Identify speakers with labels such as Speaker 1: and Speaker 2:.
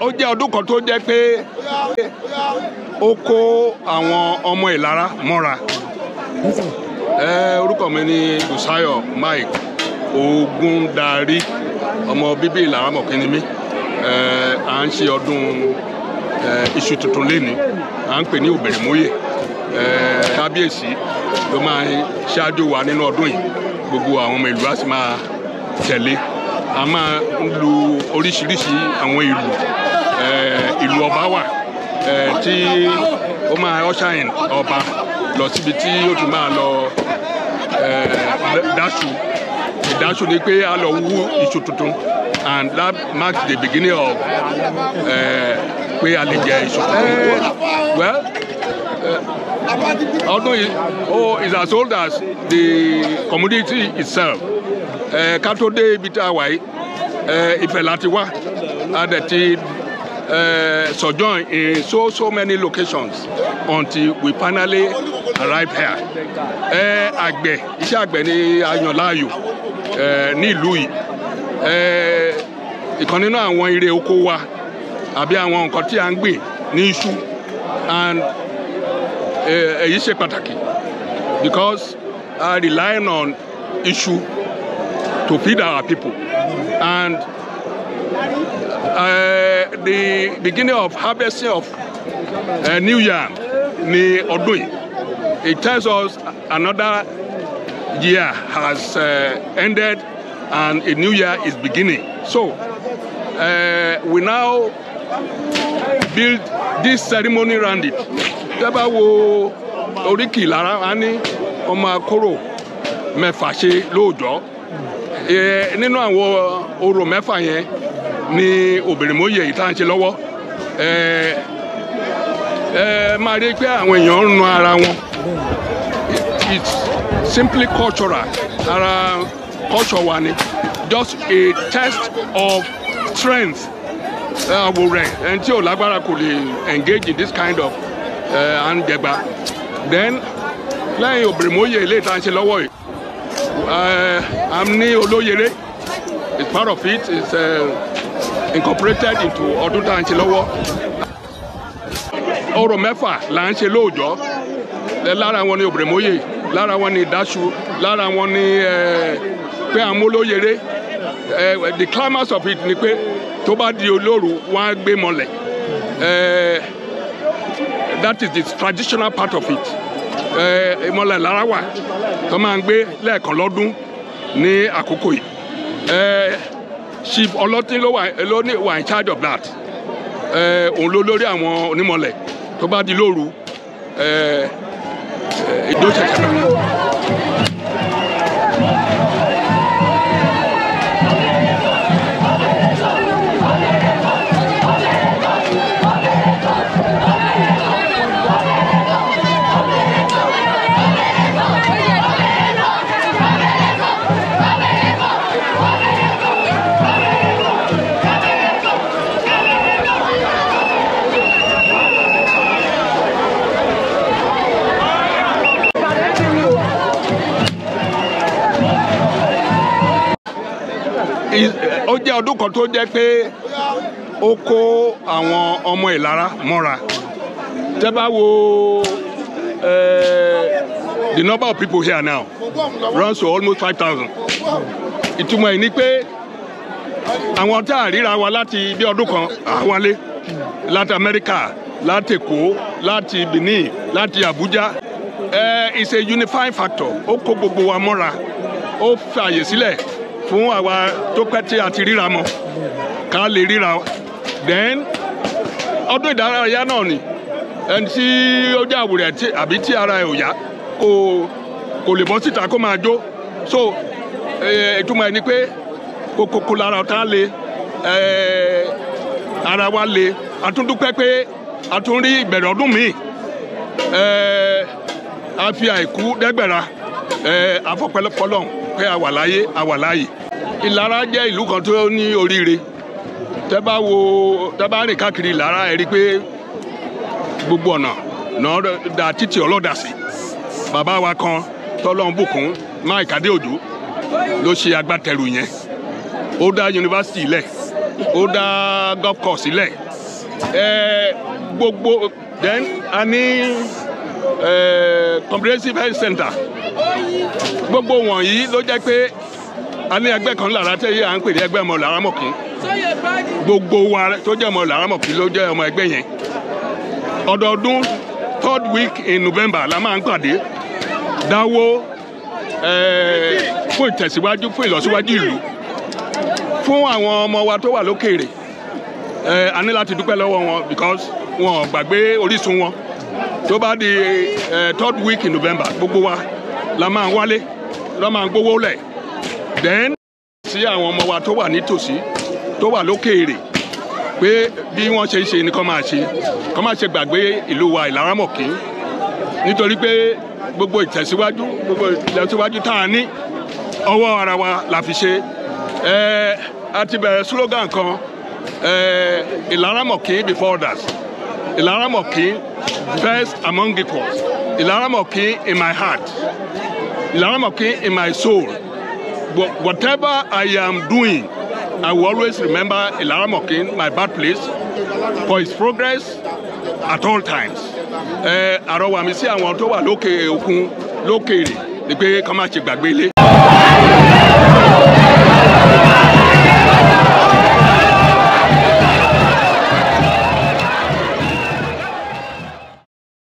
Speaker 1: ó jẹ́ ọdún kan tó jẹ́ pé ó kó àwọn ọmọ Ìlara mọ́ra orúkọ mi ni Busayo Mike Ogundari ọmọ bíbí Ìlara mọ̀kínní mi à ń ṣe ọdún iṣu tuntun lẹ́ni à ń pè ní òbèrèmóyè kábíyèsí ló máa ń ṣáájú wa nínú ọdún yìí gbogbo àwọn ọmọ ìlú á sì máa tẹ̀lé a máa ń lu oríṣiríṣi àwọn ìlú Eh, ìlú ọba wà eh, tí ó máa usher in ọba lọ síbi tí ó ti máa lọ dáṣu eh, ìdáṣu ni pé a lọ wú iṣu tuntun and that marks the beginning of pé a lè jẹ iṣu tuntun well ọdún yìí oh is as old as the community itself ká tó dé ibi tá a wà yìí Ifẹ̀ láti wá a dẹ̀ ti uh, sojourn in so so many locations until we finally arrive here. ẹ eh, àgbẹ̀ iṣẹ́ àgbẹ̀ ni a yàn láàyò eh, nílùú yìí ìkan nínú àwọn irè oko wa àbí àwọn nǹkan tí a ń gbìn ní iṣu and èyí ṣe pàtàkì because I uh, on iṣu to feed our people and uh, the beginning of harvesting of uh, new yam ni ọdún it tells us another year has uh, ended and a new year is beginning so uh, we now build this ceremony around it dábàá wo oríkì lára wa ní ọmọ akóró mẹ́fà ṣe lóòjọ́ nínú àwọn orò mẹ́fà yẹn ní Obìnrinmóye yìí tá à ń ṣe lọ́wọ́ máa rí pé àwọn èèyàn ń nu ara wọn it's simply cultural ara culture wa ni just a test of strength àwò rẹ̀ ẹni tí ò lágbára kò lè engage in this kind of àǹdẹ̀gbà then lẹ́yìn Obìnrinmóye ilé ìta ń ṣe lọ́wọ́ yìí. Uh, ní Olóyèrè. It's part of it. It's uh, incorporated into ọdún tá à ń ṣe lọ́wọ́ orò mẹ́fà là ń ṣe lóòjọ́ lára wọn ni òbèrèmóyè lára wọn ni ìdáṣu lára wọn ni pé àmúlóyèrè the climax of it ni pé tó bá di olóòrù wọn á gbé mọ́lẹ̀ that is the traditional part of it ìmọ̀lẹ̀ lára wà tó máa ń gbé lẹ́ẹ̀kan lọ́dún ní àkókò yìí chief ọlọ́tín ló wà in charge of that òun ló lórí àwọn onímọ̀lẹ̀ tó bá di lóru ìdóṣẹ̀ṣẹ̀ náà. ọdún kan tó jẹ́ pé ó kó àwọn ọmọ Ìlara mọ́ra tẹ́ bá wo the number of people here now runs to almost five thousand ìtumọ̀ ẹ̀ ni pé àwọn tá a ríra wa láti bí ọdún kan àwálé láti Amẹ́ríkà láti Èkó láti Benin láti Abuja ẹ uh, it's a unifying factor ó kó gbogbo wa mọ́ra ó fààyè sílẹ̀ fún àwa tó pẹ́ tí a ti ríra mọ̀ ká lè ríra then ọdún ìdárayá náà ni ẹni tí ó jẹ́ àwùrẹ̀ àbí tí ara ẹ̀ ò yá kò kò lè bọ́ síta kó máa jó so ìtumọ̀ ẹ̀ ni pé kòkòkò lára ọ̀tá le ara wa le àtúndúpẹ́ pé a tún rí ìbẹ̀rẹ̀ ọdún míì a fi àìkú dẹ́gbẹ̀ra afọ́pẹ́lọpọ́lọ́hún pé a wà láyé a wà láyé ìlara jẹ́ ìlú kan tó ní oríire tẹ́ bá wo tẹ́ bá rìn káàkiri ìlara ẹ̀ rí pé gbogbo ọ̀nà náà da títì ọlọ́dà sí bàbá wa kan tọ́lọ́n bùkún Mike Adéòjò ló ṣe agbátẹrù yẹn ó dá yunifásitì sílẹ̀ ó dá golf course sílẹ̀ ẹ̀ẹ́ gbogbo then a ní ẹ̀ẹ́ comprehensive health center gbogbo wọ̀nyí ló jẹ́ pé a ní ẹgbẹ́ kan lára tẹ́yẹ à ń pè ní ẹgbẹ́ ọmọ làrámọ̀kún gbogbo wa tó jẹ́ ọmọ làrámọ̀kún ló jẹ́ ọmọ ẹgbẹ́ yẹn ọdọọdún third week in November la máa ń pàdé dáwó fún ìtẹ̀síwájú fún ìlọsíwájú ìlú fún àwọn ọmọ wa tó wà lókèèrè a ní láti dúpẹ́ lọ́wọ́ wọn because wọn ò gbàgbé orísun wọn tó bá di third week in November gbogbo wa la máa ń wálé la máa ń gbowó lẹ̀ then sí àwọn ọmọ wa tó wà nítòsí tó wà lókèèrè pé bí wọ́n ṣe ń ṣe ni kán máa ṣe kán máa ṣe gbàgbé ìlú wa ìlaramọ̀kí nítorí pé gbogbo ìtẹ̀síwájú gbogbo ìtẹ̀síwájú tá a ní ọwọ́ ara wa la fi ṣe ẹ a ti bẹ̀rẹ̀ slogan kan ẹ ìlaramọ̀kí before others ìlaramọ̀kí first among equals ìlaramọ̀kí in my heart ìlaramọ̀kí in my soul whatever I am doing, I will always remember Ilaramokin, my birthplace, for its progress at all times. Àrọ̀wà mi sí àwọn tó wà lókè òkun lókèèrè ni pé kọ́ ṣe gbàgbé ilé.